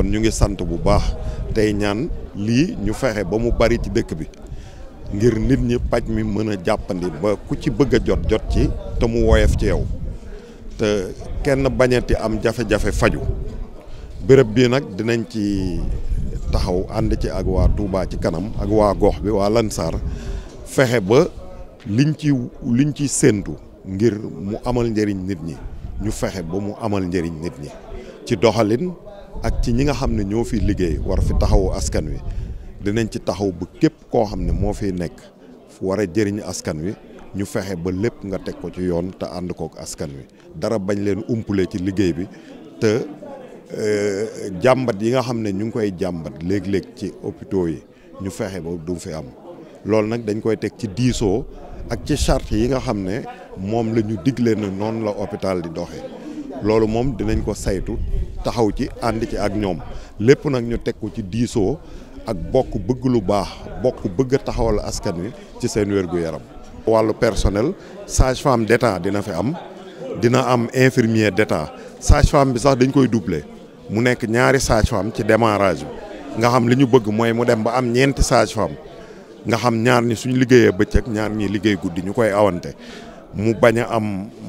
kon ñu ngi sant bu baax tay ñaan li ñu fexé ba mu bari ci dëkk bi ngir nit ñi paj mi mëna jappandi ba ku ci bëgg jot jot ci te mu woyef ci yow te kenn bañati am jafe-jafe faju bërepp bi nak dinañ ci taxaw and ci ak wa Touba ci kanam ak wa gox bi wa Lansar fexé ba liñ ci liñ ci sentu ngir mu amal njëriñ nit ñi ñu fexé ba mu amal njëriñ nit ñi ci doxalin ak ci ñi nga xam ne ñoo fi liggéey war fi taxawu askan wi dinañ ci taxaw ba képp koo xam ne moo fi nekk fu war a jëriñ askan wi ñu fexe ba lépp nga teg ko ci yoon te ànd kook askan wi dara bañ leen umpule ci liggéey bi te euh, jàmbat yi nga xam ne ñu ngi koy jàmbat léegi léeg ci hôpitaux yi ñu fexe ba du fi am loolu nag dañ koy teg ci diisoo ak ci charte yi nga xam ne moom la ñu digle na noonu la hôpital di doxe loolu moom dinañ ko saytu taxaw ci ànd ci ak ñoom lépp nag ñu teg ko ci diisoo ak bokk bëgg lu baax bokk bëgg a taxawal askan wi ci seen wér-gu-yaram. wàllu personnel sage-femme d'état dina fi am dina am infirmier d'état sage bi sax dañ koy doubler mu nekk ñaari sage-femme ci démarrage bi nga xam li ñu bëgg mooy mu dem ba am ñeenti sage-femme nga xam ñaar ñi suñu liggéeyee bëccëg ñaar ñi liggéey guddi ñu koy awante mu bañ a am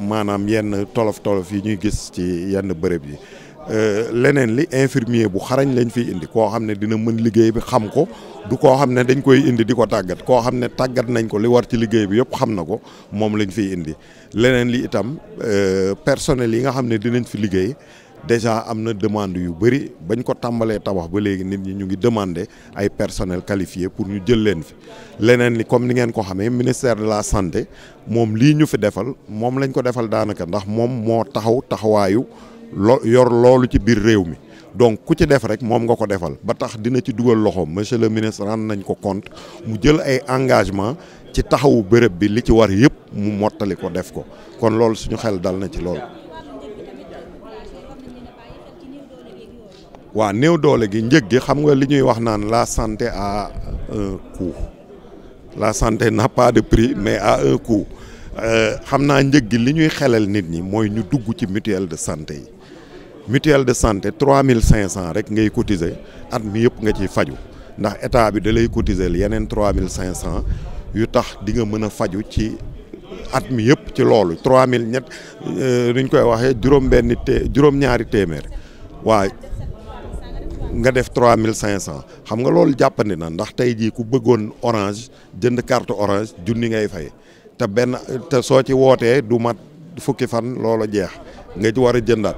maanaam yenn tolof-tolof yi ñuy gis ci yenn bërëb yi. Euh, leneen li infirmier bu xarañ lañ fi indi koo xam ne dina mën liggéey bi xam ko du koo xam ne dañ koy indi di ko tàggat koo xam ne tàggat nañ ko li war ci liggéey bi yëpp xam na ko moom lañ fiy indi leneen li itam euh, personnel yi nga xam ne dinañ fi liggéey déjà am na demande yu bëri bañ ko tàmbalee tabax ba léegi nit ñi ñu ngi demander ay personnel qualifié pour ñu jël leen fi leneen li comme ni ngeen ko xamee ministère de la santé moom lii ñu fi defal moom lañ ko defal daanaka ndax moom moo taxaw taxawaayu loo yor loolu ci biir réew mi donc ku ci def rek moom nga ko defal ba tax dina ci dugal loxo monsieur le ministre rend nañ ko compte mu jël ay engagement ci taxawu bërëb bi li ci war yëpp mu mottali ko def ko kon loolu suñu xel dal na ci lool waa néew doole gi njëg gi xam nga li ñuy wax naan la santé a un la santé n'a pas de prix mais a un coût euh, xam naa njëg gi li ñuy xelal nit ñi mooy ñu dugg ci mutuelle de santé yi. mutuelle de santé trois mille cinq cent rek ngay cotiser at mi yëpp nga ciy faju ndax état bi dalay lay cotiser yeneen trois mille cinq cent yu tax di nga mën a faju ci at mi yëpp ci loolu trois mille ñett euh, nuñ koy waxee juróom-benni té juróom-ñaari téeméer waa nga def trois mille cinq cent xam nga loolu jàppandi na ndax tey jii ku bëggoon orange jënd carte orange junni ngay fay te benn te soo ci wootee du mat fukki fan loola jeex nga ci war a jëndaat.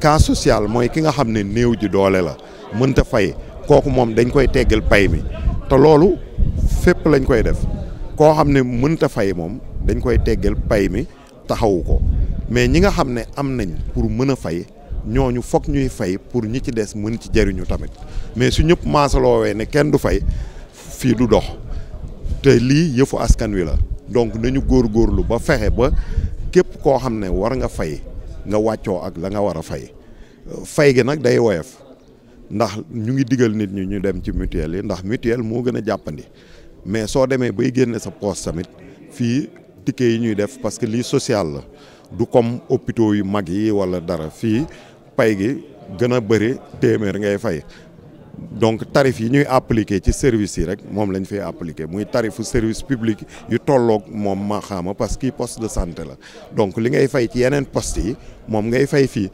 cas social mooy ki nga xam ne néew ji doole la mënta fay kooku moom dañ koy teggal pay mi te loolu fépp lañ koy def koo xam ne mënta fay moom dañ koy teggal pay mi taxawu ko mais ñi nga xam ne am nañ pour mën a fay ñooñu foog ñuy fay pour ñi ci des mën ci jariñu tamit mais su ñëpp maasaloowee ne kenn du fay fii du dox te lii yëfu askan wi la donc nañu góorlu ba fexe ba képp koo xam ne war nga fay nga wàccoo ak la nga war fay fay gi nag day woyof ndax ñu ngi digal nit ñi ñu dem ci mutuelle yi ndax mutuelle moo gën a jàppandi mais soo demee bay génne sa poos tamit fi ticket yi ñuy def parce que lii social la du comme hôpitaux yu mag yi wala dara fii pay gi gën a bëri ngay fay donc tarif yi ñuy appliqué ci service yi rek mom lañ fay appliqué muy tarif service public yu tollok mom ma xama parce que poste de santé la donc li ngay fay ci yenen poste yi mom ngay fay fi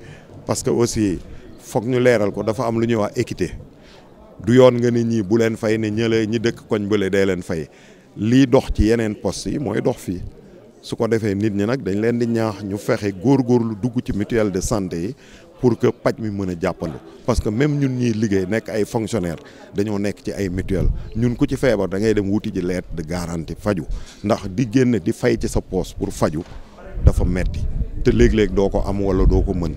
parce que aussi foog ñu léral ko dafa am lu ñuy wax équité du yoon nga ni ñi bu len fay ni ñele ñi dëkk koñ bële dee len fay li dox ci yenen poste yi moy dox fi su ko defee nit ñi nag dañ leen di ñaax ñu fexe góorgóorlu dugg ci mutuelle de santé yi pour que paj mi mën a jàppale parce que même ñun ñuy liggéey nekk ay fonctionnaire dañoo nekk ci ay mutuelle ñun ku ci feebar dangay dem wuti ji lettre de garantie faju ndax di génn di fay ci sa poos pour faju dafa metti te léeg-léeg doo ko am wala doo ko mën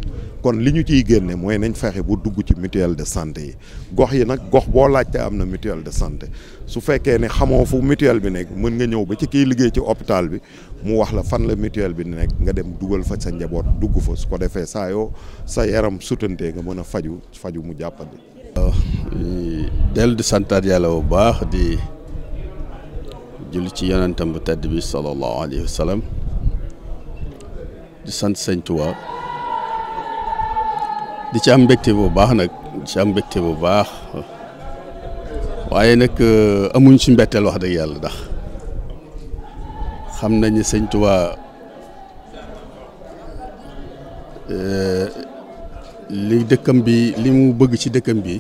kon li ñu ciy génne mooy nañ fexe bu dugg ci mutuel de santé yi gox yi nag gox boo laajte am na mutuelle de santé su fekkee ne xamoo fu mutuelle bi nekk mën nga ñëw ba ci kiy liggéey ci hôpital bi mu wax la fan la mutuelle bi nekk nga dem dugal fa sa njaboot dugg fa su ko defee saa yoo sa yaram sutantee nga mën a faju faju mu jàppandi. waaw dellu santaat yàlla bu baax di julli ci yonentam bu tedd bi sallallahu alayhi wa di sant sëñ Tuubaa di ci am mbégte bu baax nag di ci am mbégte bu baax waaye nag euh, amuñ ci mbetteel wax dëgg yàlla dax xam nañu sëñ Tuubaa euh, li dëkkam bi li mu bëgg ci dëkkam bi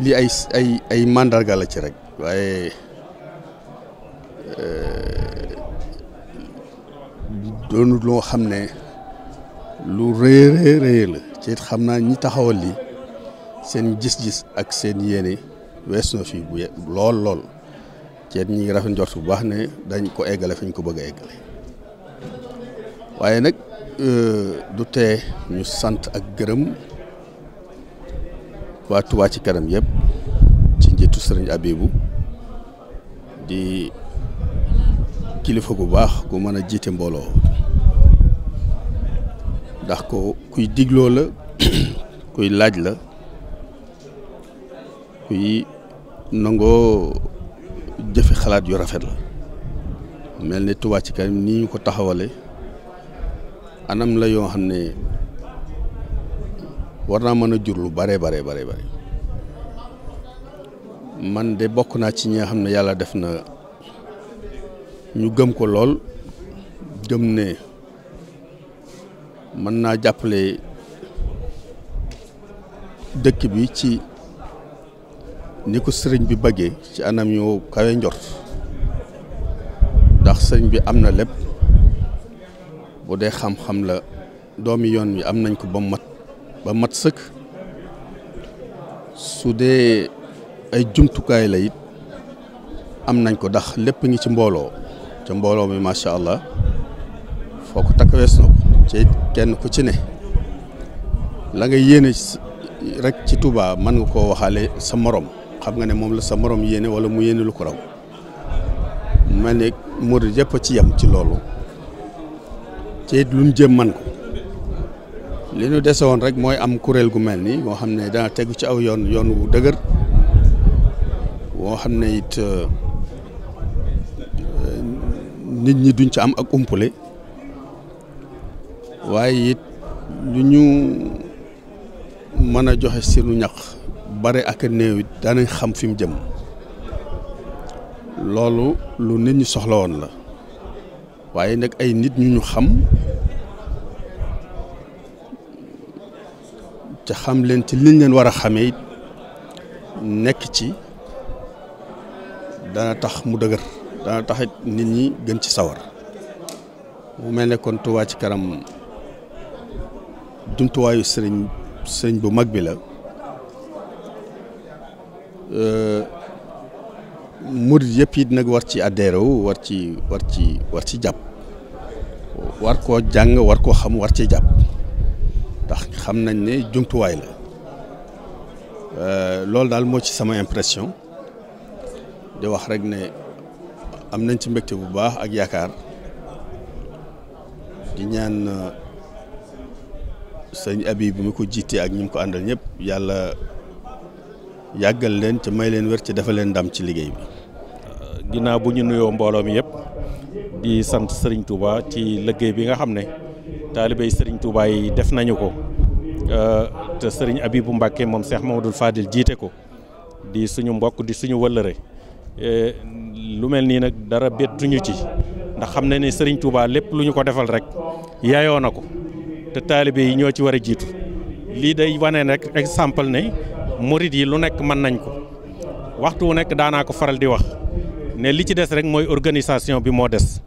li ay ay ay màndarga la ci rek waaye euh, doonu loo xam ne lu rëy rëy rëy la ci it xam ñi taxawal li seen gis-gis ak seen yene wessno fi bu lol lol ci ñi ngi rafet bu baax ne dañ ko égalé fañ ko bëgg égalé waaye euh du té ñu sante ak gërëm wa Touba ci karam ci serigne di kilifa gu baax gu mëna jité mbolo ko kuy digloo la kuy laaj la kuy nangoo jëfe xalaat yu rafet la mel ni Touba ci kanam nii ñu ko taxawale anam la yoo xam ne war naa mën a jur lu bare bare bare bare man de bokk naa ci ñi nga xam ne yàlla def na ñu gëm ko lool gëm ne mën naa jàppale dëkk bi ci ni ko sëriñ bi bëggee ci anam yu kawe njort ndax sëriñ bi am na lépp bu dee xam-xam la doomi yoon wi am nañ ko ba mat ba mat sëkk su dee ay jumtukaay layit am nañ ko ndax lépp ngi ci mbooloo ca mbooloo mi macha allah foo ko takk wees na ko ci kenn ku ci ne la nga yéene rek ci tubaa mën nga koo waxaale sa moroom xam nga ne moom la sa morom yéene wala mu yéene lu ko raw mel ne murid yëpp ci yem ci loolu ci lu jëm man ko li rek mooy am kuréel gu mel nii moo xam ne dana tegu ci aw yoon yoon wu dëgër woo xam ne it euh, nit ñi duñ ci am ak umpule waye it luñu mëna joxe sinu ñak bare ak neewit it nañ xam fim jëm loolu lu nit ñi soxla won la waye nak ay nit ñu ñu xam ci xam leen ci liñ leen wara a it ci dana tax mu dana tax nit ñi gën ci sawar mu melne kon tuwa ci karam jumtuwaayu sëriñ sëriñ bu mag bi la murid yëpp it nag war ci adhéré wu war ci war ci war ci jàpp war koo jàng war koo xam war ci jàpp ndax xam nañ ne jumtuwaay la loolu daal moo ci sama impression di wax rek ne am nañ ci mbégte bu baax ak yaakaar di ñaan sëñ Habib bi mu ko jiitee ak ñi ko àndal ñëpp yàlla yàggal leen te may leen wér ci dafa leen ndam ci liggéey bi. ginnaaw bu ñu nuyoo mbooloo mi yëpp di sant sëriñ Touba ci liggéey bi nga xam ne taalibey Serigne Touba yi def nañu ko euh, te Serigne bu Mbacke moom Cheikh Mamadou Fadil jiite ko di suñu mbokk di suñu wëllëre euh, lu mel nii nag dara bettuñu ci ndax xam ne ne sëriñ Touba lépp lu ñu ko defal rek yaayoo na ko. te taalibe yi ñoo ci war a jiitu lii day wane rek exemple ne murit yi lu nekk mën nañ ko waxtu wu nekk daanaa ko faral di wax ne li ci des rek mooy organisation bi moo des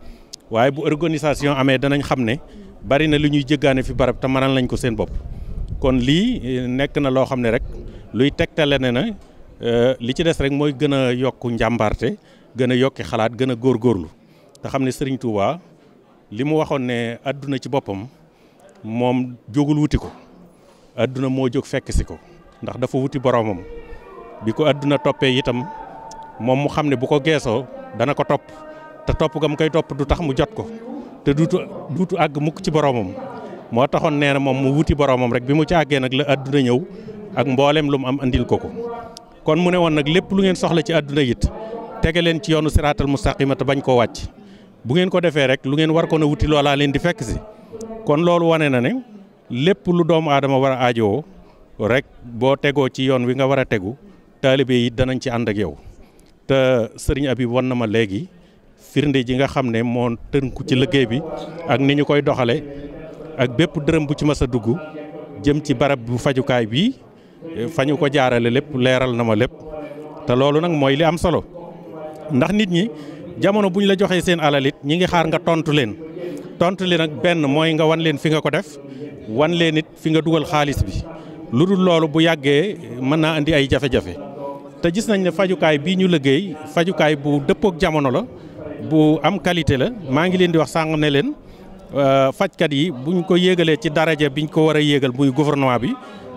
waaye bu organisation amee danañ xam ne bari na lu ñuy jéggaane fi barab te mënal nañ ko seen bopp kon lii eh, nekk na loo xam ne rek luy tegtale ne na eh, li ci des rek mooy gën a yokk njàmbaarte gën a yokki xalaat gën a góor góorlu te xam ne Sëriñ Tuubaa li mu waxoon ne àdduna ci boppam moom jógul wuti ko adduna moo jóg fekk si ko ndax dafa wuti boromam bi ko àdduna toppee itam moom mu xam ne bu ko geesoo dana ko topp te topp mu koy topp du tax mu jot ko te duutu duutu àgg mukk ci boromam moo taxoon nee na moom mu wuti boromam rek bi mu ci àggee nag la adduna ñëw ak mboolem lu mu am andil ko ko kon mu ne woon nag lépp lu ngeen soxla ci àdduna it tege leen ci yoonu siraatal mustaqima te bañ koo wàcc bu ngeen ko defee rek lu ngeen war ko na wuti leen di fekk si kon loolu wane na ne lépp lu doomu aadama war a aajowoo rek boo tegoo ci yoon wi nga war a tegu taalibe yi danañ ci ànd ak yow te sëriñ Habib wan na ma léegi firnde ji nga xam ne moo tënku ci liggéey bi ak ni ñu koy doxale ak bépp dërëm bu ci mas a dugg jëm ci barab bu fajukaay bi fa ko jaarale lépp leeral na ma lépp te loolu nag mooy li am solo ndax nit ñi jamono bu ñu la joxee seen alalit ñi ngi xaar nga tontu leen tontu li nag benn mooy nga wan leen fi nga ko def wan leen it fi nga dugal xaalis bi lu dul loolu bu yàggee mën naa indi ay jafe-jafe te gis nañ ne fajukaay bii ñu liggéey fajukaay bu dëppook jamono la bu am qualité la maa ngi leen di wax sàng ne leen euh, fajkat yi buñ ko yéegalee ci daraja biñ ko war a yéegal muy gouvernement bi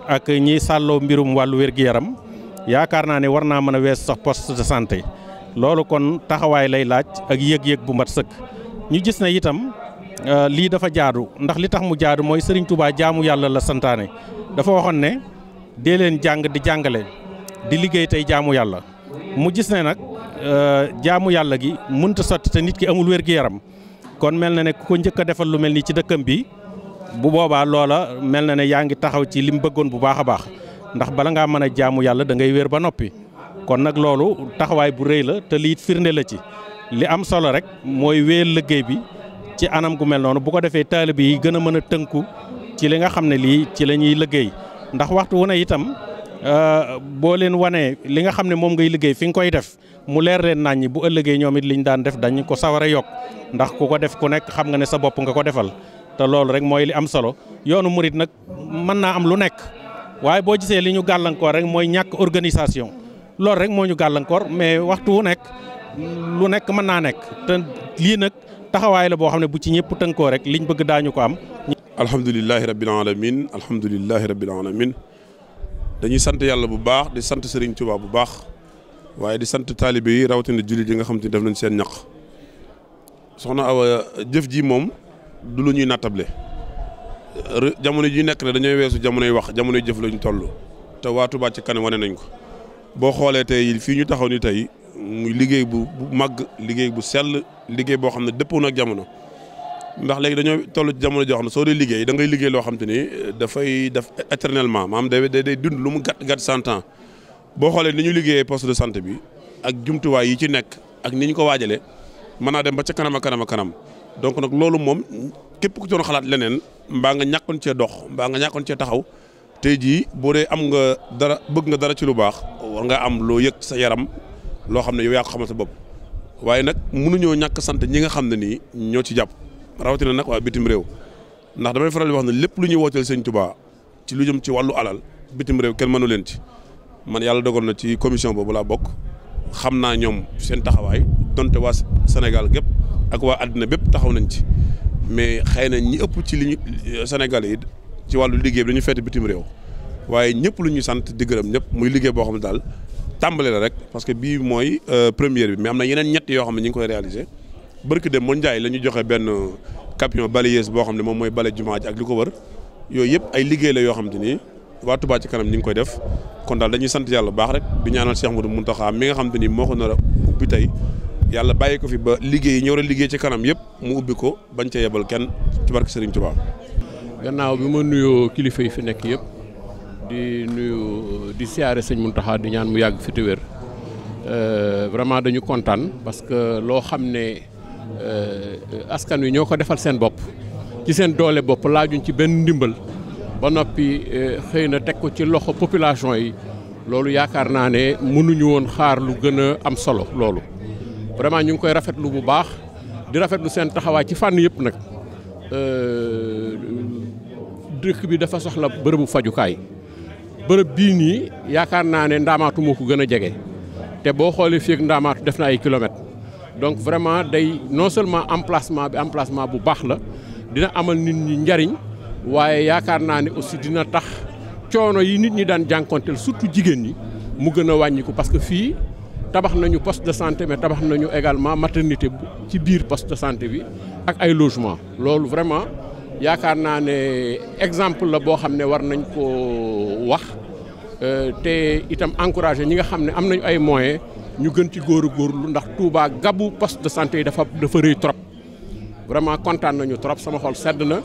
ak ñiy sàlloo mbirum wàllu wér-gu-yaram yaakaar naa ne war naa mën a wees sax poste de santé loolu kon taxawaay lay laaj ak yëg-yëg bu mat sëkk Euh, lii dafa jaadu ndax li tax mu jaadu mooy sëriñ Touba jaamu yàlla la santaane dafa waxoon ne dee leen jàng di jàngale di liggéey tey jaamu yàlla mu gis ne nag euh, jaamu yàlla gi mënta sotti te nit ki amul wér gu yaram kon mel na ne ku ko njëkk a defal lu mel nii ci dëkkam bi bu boobaa loola mel na ne yaa ngi taxaw ci li mu bëggoon bu baax a baax ndax bala ngaa mën a jaamu yàlla da ngay wér ba noppi kon nag loolu taxawaay bu rëy la te liit firnde la ci li am solo rek mooy wéyal liggéey bi. ci anam gu mel noonu bu ko defee taalibe yi gën a mën a tënku ci li nga xam ne lii ci la ñuy liggéey ndax waxtu wu ne itam euh, boo leen wanee li nga xam ne moom ngay liggéey fi nga koy def mu leer leen nàññi bu ëllëgee ñoom it liñ daan def dañ ko sawar a yokk ndax ku ko def ku nekk xam ne sa bopp nga ko defal te loolu rek mooy li am solo yoonu murit nag mën naa am lu nekk waaye boo jisee li ñu gàllankoor rek mooy ñàkk organisation loolu rek moo ñu gàllankoor mais waxtu wu nekk lu nekk mën naa nekk te lii nag taxawaay la boo xam ne bu ci ñëpp tënkoo rek liñ bëgg daañu ko am. alhamdulilahi rabbil alamin alhamdulilahi rabbil alamin dañuy sant yàlla bu baax di sant Serigne Touba bu baax waaye di sant taalibe yi rawatina jullit yi nga xam te def nañ seen ñaq soxna Awa jëf ji moom du lu ñuy nattable jamono ji nekk ne dañooy weesu jamonoy wax jamonoy jëf lañ toll te waa Touba ci kanam wane nañ ko boo xoolee te fii ñu taxaw ni tey muy liggéey bu màgg liggéey bu sell liggéey boo xam ne dëppoo na ak jamono ndax léegi dañoo toll jamono joo xam ne soo dee liggéey da ngay liggéey loo xam te euh, dafay def éternellement maam day day dund lu mu gàtt gàtt cent ans boo xoolee ni ñu liggéeyee poste de santé bi ak jumtuwaay yi ci nekk ak ni ñu ko waajalee mën naa dem ba ca kanam a kanam a kanam donc nag loolu moom képp ku doon xalaat leneen mbaa nga ñàkkoon cee dox mbaa nga ñàkkoon cee taxaw tey jii boo dee am nga dara bëgg nga dara ci lu baax war nga am loo yëg sa yaram loo xam ne yow yaa ko xamal sa bopp waaye nag mënuñoo ñàkk sant ñi nga xam ne nii ñoo ci jàpp rawatina nag waa bitim réew ndax damay faral di wax ne lépp lu ñuy wooteel sëñ Tuubaa ci lu jëm ci wàllu alal bitim réew kenn mënu leen ci man yàlla dogal na ci commission boobu laa bokk xam naa ñoom seen taxawaay donte waa Sénégal gépp ak waa àddina bépp taxaw nañ ci mais xëy na ñi ëpp ci li ñu Sénégal yi ci wàllu liggéey bi dañu feete bitim réew waaye ñëpp lu ñuy sant di gërëm ñëpp muy liggéey boo xam ne daal tambalé la rek parce que bii mooy euh, première bi mais amna yenen ñet yo yoo ñing koy réaliser barki dem mondial lañu joxé ben champion benn euh, camion balayeuse boo xam ne moom mooy jumaa ak liko wër yoy yëpp ay liggéey la yo xam te ni waa Touba ci kanam ñing koy def kon dal dañuy sant yalla bu baax rek di ñaanal Cheikh Modou muntaha mi nga xam te ni moo ko nar a ubbi tey yàlla bàyyi ko fi ba liggéey yi ñu liggéey ci kanam yëpp mu ubbi ko bañ ca yebal kenn ci barke Serigne Touba. gannaaw bima nuyo nuyoo kilifa yi fi nek yëpp di nuyo di siyaare sëñ Mountakha di ñaan mu yàgg fi te wér euh, vraiment dañu kontaan parce que loo xam ne euh, askan wi ñoo ko defal seen bopp ci seen doole bopp laajuñ ci benn ndimbal ba noppi euh, xëy na teg ko ci loxo population yi loolu yaakaar naa ne mënuñu woon xaar lu gën a am solo loolu vraiment ñu ngi koy rafetlu bu baax di rafetlu seen taxawaay ci fànn yëpp nag dëkk bi dafa soxla bërëbu fajukaay bërëb bii nii yaakaar naa ne ndaamaatu moo ko gën a jege te boo xoolee fii ak ndaamaatu def na ay kilomètres donc vraiment day non seulement emplacement bi emplacement bu baax la dina amal nit ñi njariñ waaye yaakaar naa ne aussi dina tax coono yi nit ñi daan jànkonteel surtout jigéen ñi mu gën a wàññiku parce que fii tabax nañu poste de santé mais tabax nañu également maternité ci biir poste de santé bi ak ay logement loolu vraiment yaakaar naa ne exemple la boo xam ne war nañ ko wax euh, te itam encouragé ñi nga xam ne am nañu ay moyen ñu gën ci góor góorlu ndax Touba gabu poste de santé yi dafa dafa rëy trop vraiment kontaan nañu trop sama xol sedd na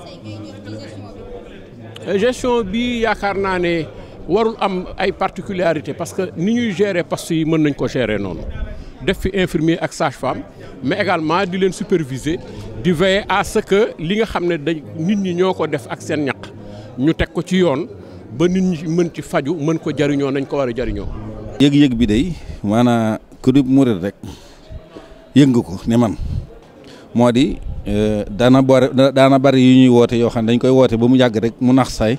euh, gestion bi yaakaar naa ne warul am ay particularité parce que ni ñuy gere poste yi mën nañ ko gérer noonu def fi infirmier ak sage-femme mais également du leen superviser du veiller à ce que li nga xam ne dañ nit ñi ñoo ko def ak seen ñaq ñu teg ko ci yoon ba nit ñi mën faju mën ko jariñoo nañ ko war a jariñoo. yëg bi day maanaa ku di rek yëg nga ko ne man moo di euh, daana boore daana bari yu ñuy woote yoo xam ne dañ koy woote ba mu yàgg rek mu nax saay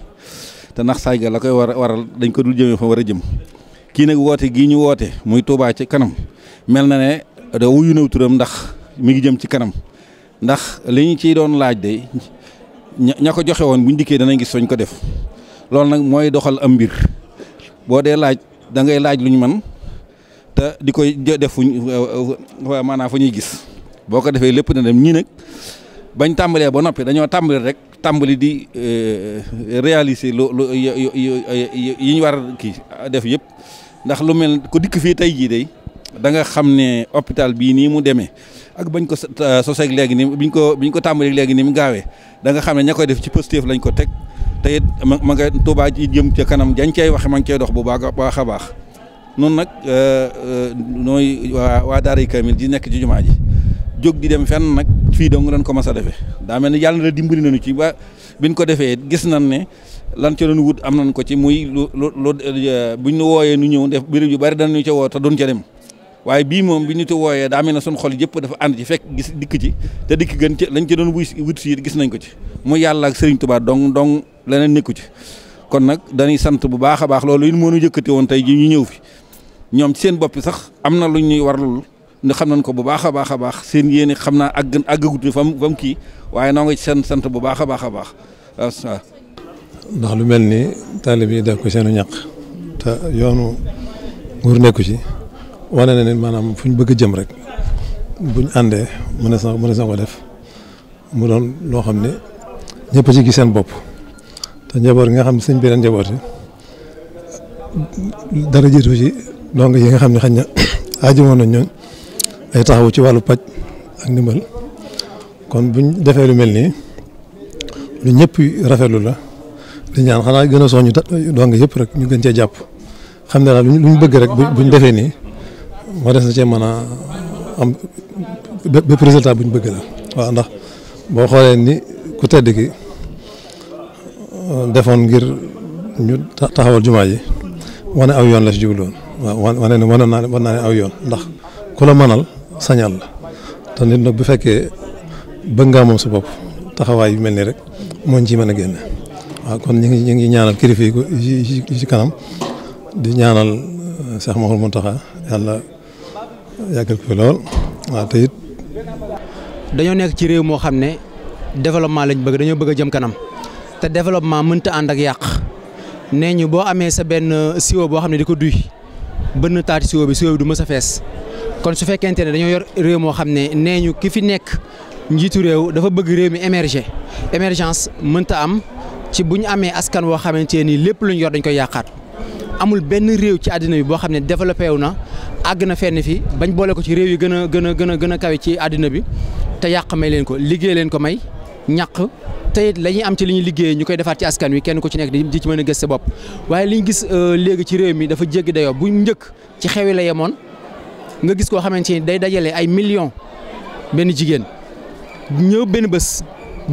te nax saay ga koy war waral dañ ko dul jëmee fa war a jëm kii nag woote gii ñu woote muy Touba ci kanam. mel na ne da wuyu naw turam ndax mi ngi jëm ci kanam ndax li ñu ciy doon laaj de ña ko joxe woon buñ dikkee danañ gis soñ ko def loolu nag mooy doxal mbir boo dee laaj da ngay laaj lu ñu man te di koy def fuñ euh, euh, maanaam fa ñuy gis boo ko defee lépp na dem ñii nag bañ tàmbalee ba noppi dañoo tàmbali rek tàmbali di euh, réaliser lu ñu war ki def yëpp ndax lu mel ko dikk fii tey jii day da nga xam ne hôpital bii nii mu demee ak bañ ko euh, soseeg léegi ni biñ ko biñ ko tàmbali léegi ni mu gaawee da nga xam ne ña koy def ci positif lañ ko teg te it ma ma nga Tuubaa jëm ca kanam dañ cay waxe ma ngi cay dox bu baax a baax a baax noonu nag euh, euh, nooy waa waa daara kamil ji nekk ci jumaa ji jóg di dem fenn nag fii dong lañ ko mas defee daa mel ni yàlla na dimbali nañu ci ba biñ ko defee gis nañ ne lan ca doon wut am nañ ko ci muy lu lu lu buñ nu wooyee nu ñëw def mbir yu bari dañ ñu ca woo te duñ ca dem. waaye bii moom bi ñu te wooyee daa mel ne suñu xol yëpp dafa ànd ci fekk gis dikk ci te dikk gën ci lañ ci doon wuy wut si gis nañ ko ci mu yàlla ak Serigne Touba dong dong leneen nekku ci kon nag dañuy sant bu baax a baax loolu it moo ñu yëkkati woon tey ji ñu ñëw fi ñoom seen bopp sax am na lu ñuy warlul ñu xam nañ ko bu baax a baax a baax seen yéene xam naa àgg àggagut fa mu fa kii waaye noo ngi ci seen sant bu baax a baax a baax waaw. ndax lu mel ni taalib yi def ko seenu ñàq yoonu nekku ci. wane na ne maanaam fu ñu bëgg jëm rek buñ àndee mënees na mënees na ko def mu doon loo xam ne ñëpp ci gis seen bopp te njaboot gi nga xam ne sëñ bi leen njaboote dara jiitu ci donc yi nga xam ne xañ na aajumoon nañ ñooñ ay taxawu ci wàllu paj ak ndimbal kon buñ defee lu mel nii lu ñëpp rafetlu la di ñaan xanaa gën a soññu dong yëpp rek ñu gën cee jàpp xam ne daal lu ñu bëgg rek buñ defee nii ma des na cee mën am bépp résultat bu ñu bëgg la waaw ndax boo xoolee ni ku tedd ki defoon eh, ngir ñu taxawal jumaa ji wane aw yoon la si jubluwoon waaw wane ne wane naa wane naa ne aw yoon ndax ku la mënal sañal la te nit nag bu fekkee bëgg ngaa moom sa bopp taxawaay yu rek a kon ñu ngi ñaanal kilifa ci kanam di ñaanal Cheikh eh, Mouhamadou Mountakha eh, yàlla yàggal ko lool waaw te it dañoo nekk ci réew moo xam ne développement lañ bëgg dañoo bëgg a jëm kanam te développement mënta ànd ak yàq nee ñu boo amee sa benn euh, siwo boo xam ne di ko duy bënn taati siwo bi siwo du mës a fees kon su fekkente ne dañoo yor réew moo xam ne nee ñu ki fi nekk njiitu réew dafa bëgg réew mi émerger émergence mënta am ci bu ñu amee askan woo xamante ni lépp lu ñu yor dañ koy yàqaat amul benn réew ci àddina bi boo xam ne développé wu na àgg na fenn fi bañ boole ko ci réew yi gën a gën a gën a gën a kawe ci àddina bi te yàq may leen ko liggéey leen ko may ñàq te it am ci li ñuy liggéey ñu koy defaat ci askan wi kenn ku ci nekk di ci mën a gës sa bopp waaye li ñu gis euh, léegi ci réew mi dafa jéggi dayoo bu njëkk ci xew yi la yemoon nga gis koo xamante ni day dajale ay millions benn jigéen ñëw benn bés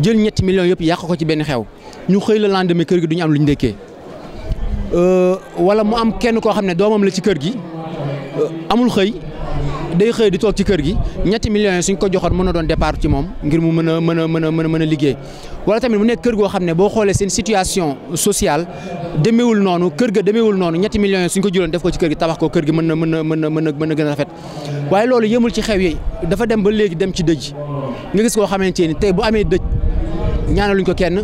jël ñetti millions yëpp yàq ko ci benn xew ñu xëy la lendemain kër gi duñu am lu ñu dëkkee euh, wala mu am kenn koo xam ne doomam la ci kër gi amul xëy day xëy di toog ci kër gi ñetti millions yi suñ ko joxoon mën a doon départ ci moom ngir mu mën a mën a mën a mën a liggéey wala tamit mu nekk kër goo xam ne boo xoolee seen situation sociale demeewul noonu kër ga demeewul noonu ñetti millions yi suñ ko juróon def ko ci kër gi tabax ko kër gi mën a mën a mën a mën a gën a rafet waaye loolu yëmul ci xew yi dafa dem ba léegi dem ci dëj nga gis koo xamante ni tey bu amee dëj ñaanaluñ ko kenn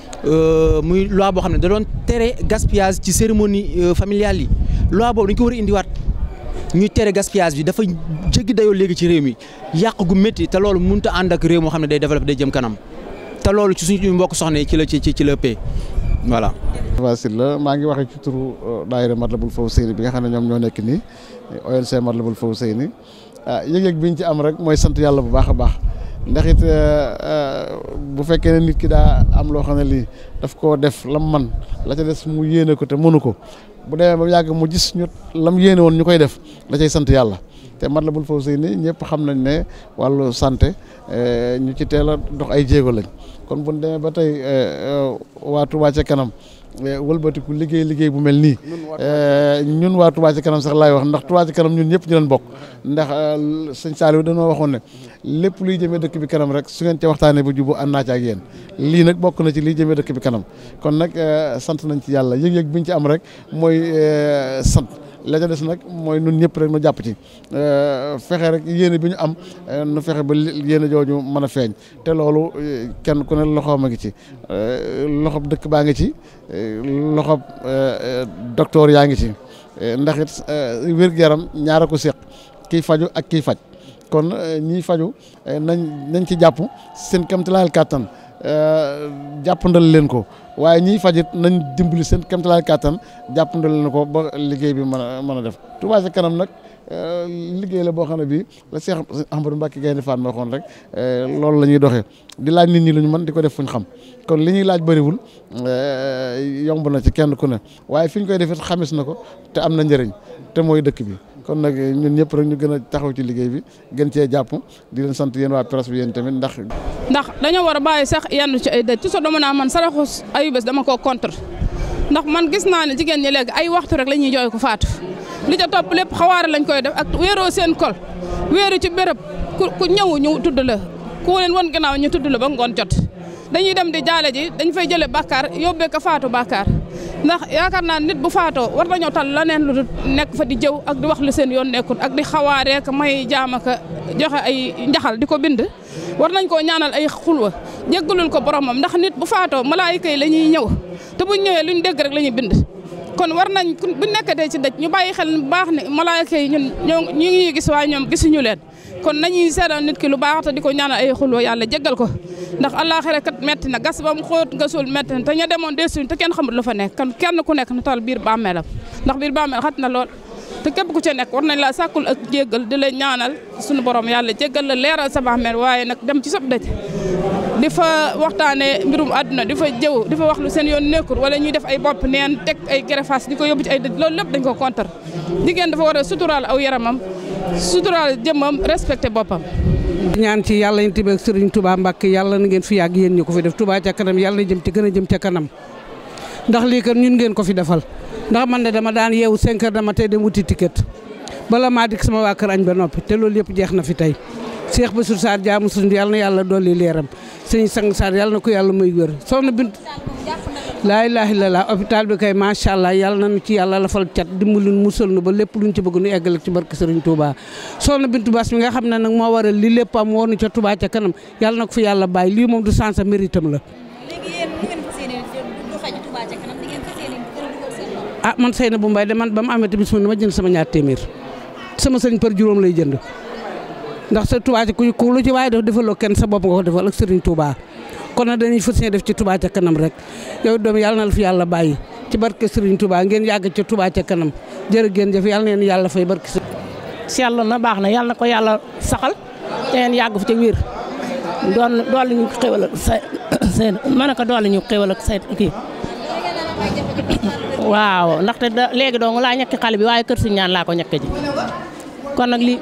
Euh, muy loi boo xam ne da doon tere gaspillage ci cérémonie euh, familiale yi loi boobu dañ ko war a indiwaat ñuy tere gaspillage bi dafa jéggi dayoo léegi ci réew mi yàq gu metti te loolu mun a ànd ak réew moo xam ne day développé day jëm kanam te loolu ci suñu mbokk soxna yi ci la ci ci la paie voilà. facile la maa ngi waxee ci turu euh, daayira Matlabul Fawzeyni bi nga xam ne ñoom ñoo nekk nii la Matlabul Fawzeyni ah yëg-yëg bi ñu ci am rek mooy sant yàlla bu baax a baax. ndax it euh, euh, bu fekkee ne nit ki daa am loo xam ne lii daf koo def lam man la ca des mu yéene ko te mënu ko bu demee ba yàgg mu gis ñu lam yéene woon ñu koy def la cay sant yàlla te la Matlabul Fawzayni ñëpp xam nañ ne wàllu santé euh, ñu ci teel a dox ay jéego lañ kon bu demee ba tey waa Touba ca kanam walbatiku liggéey liggéey bu mel nii ñun waa eh, Touba ci kanam sax laay wax ndax Touba ci kanam ñun ñëpp ñu leen bokk ndax eh, sëñ Saliou dañoo waxoon ne lépp luy jëmee dëkk bi kanam rek su ngeen ca waxtaanee ba jubo ànd naa ci ak yéen lii nag bokk na ci lii jëmee dëkk bi kanam kon nag eh, sant nañ ci yàlla yëg-yëg biñ ci am rek mooy sant la ca des nag mooy nun ñëpp rek nu jàpp ci euh, fexe rek yéene bi ñu am euh, nu fexe ba yéene jooju mën a feeñ te loolu euh, kenn ku ne loxoom a ngi ci loxob dëkk baa ngi ci loxob docteur yaa ngi ci ndax it wér-gu-yaram ñaara ko séq kiy faju ak kiy faj kon ñii faju nañ nañ ci jàpp seen kamtilaayal kàttan Euh, jàppandal leen ko waaye ñii fajit nañ dimbali seen kéemtalaay kàttan jàppandal leen ko ba liggéey bi mën a mën a def Touba ca kanam nag euh, liggéey la boo xam ne bii la Seex Ahmadou Mbacke Gaynde Fatma waxoon rek euh, loolu la ñuy doxee di laaj nit ñi lu man di ko def fuñ xam kon li ñuy laaj bëriwul yomb na ci kenn ku ne waaye fi ñu koy defit xamis na ko te am na njëriñ te mooy dëkk bi kon nag ñun ñëpp rek ñu gën a taxaw ci liggéey bi gën cee jàpp di leen sant yéen waa presse bi yéen tamit ndax. ndax dañoo war a bàyyi sax yenn ci ay dëj sa naa man saraxu ayubés dama koo contre ndax man gis naa ne jigéen ñi léegi ay waxtu rek la ñuy jooy ko faatu li ca topp lépp xawaare lañ koy def ak wéeroo seen kol wéeru ci bërëb ku ñëw ñu tudd la ku leen won gannaaw ñu tudd la ba ngoon jot dañuy dem di jaale ji dañ fay jëlee bàkkaar yóbbee ko faatu bàkkaar ndax yaakaar naa nit bu faatoo war nañoo tal leneen lu nekk fa di jëw ak di wax lu seen yoon nekkul ak di xawaareek may jaam ak joxe ay njaxal di ko bind war nañ koo ñaanal ay xulwa jéggalul ko boromam ndax nit bu faatoo malaayika yi la ñuy ñëw te buñ ñëwee luñ dëgg rek la ñuy bind kon war nañ bu nekkatee ci daj ñu bàyyi xel bu baax ne malaayika yi ñun ñoo ñu ngi gis waaye ñoom gisuñu leen kon nañuy seedal nit ki lu baax te di ko ñaanal ay xulwa yàlla jéggal ko ndax alakhira kat metti na gas bam xóot gasul metti na te ña demoon desuñ te kenn xamul lu fa nek kan kenn ku nek na tal bir bamela ndax bir bamela xatna lol te kep ku ci nek war nañ la sakul ak jéggal di lay ñaanal suñu borom yàlla jéggal la leeral sa bàmmeel waye nak dem ci sop dëj di fa waxtane mbirum aduna di fa jëw di fa wax lu seen yoon nekkul wala ñuy def ay bop neen tek ay gerefaas diko yóbbu ci ay dëj lol lépp dañ ko contre jigéen dafa wara sutural aw yaramam sutural jëmam respecté bopam ñaan ci yàlla yéen tamit ak Serigne Touba Mbacke yàlla na ngeen fi yàgg yéen ñu ko fi def Touba ca kanam yàlla na jëm ci gën a jëm ca kanam ndax lii kan ñun ngeen ko fi defal ndax man de dama daan yeewu 5 heures dama tey dem wuti ticket bala maa dikk sama waa kër añ ba noppi te loolu yëpp jeex na fi tey seex Bassirou Sarr jaamu suñu yàlla na yàlla dolli leeram sëñ sang Sarr yàlla na ko yàlla muy wér soxna Bintu laa ilaaha illallaah hôpital bi kay macha allah yàlla nañu ci yàlla fal cat dimbalun musal nu ba lépp luñ ci bëgg nu eggale ci barke Sëriñ Touba soxna bint Bass mi nga xam ne nag moo waral li lépp am woonu ca Touba ca kanam yàlla na ko fi yàlla bàyyi lii moom du sens a méritam la. ah man Seyna bu mbay de man ba mu amee tamit ma jënd sama ñaar téeméer sama sëriñ par juróom lay jënd ndax sa Touba ci ku lu ci waaye def defaloo kenn sa bopp nga ko defal ak Sëriñ Touba. kon nag dañuy fas yéene def ci Touba ca kanam rek yow doom yàlla na la fi yàlla bàyyi ci barke Serigne Touba ngeen yàgg ca tubaa ca kanam jërë ngeen jëf yàlla neen yàlla fay barke Serigne. seetlu na baax na yàlla ko yàlla saxal te yàgg fa ca wér doon doole ñu xéwal ak say say mën ñu xéwal ak say kii. waaw ndaxte da léegi dong laa ñàkk xale bi waaye kër si ñaan laa ko ñàkk ji kon nag li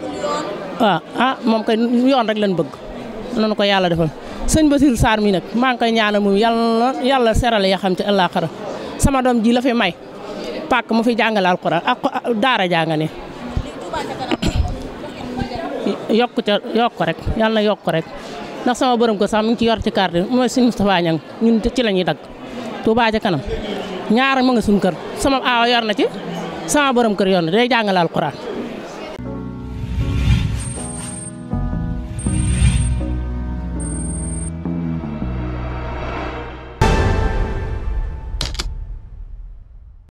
waaw ah, moom kay yoon rek lañ bëgg noonu ko yàlla defal. sëñ Basir Sarr mi nag maa ngi koy ñaanal moom yalla yàlla serale ya xam Allah àllaaxira sama dom ji la fi may pak mu fi jangal alquran ak daara jangane yok yokku yok yokku rek yalla yok yokku rek ndax sama borom ko sax mu ci yor ci carte mo sëñ Moustapha ñang ñun ci lañuy dag Touba kanam ñaar ma nga kër sama a yor na ci sama borom kër yor na day jangal alquran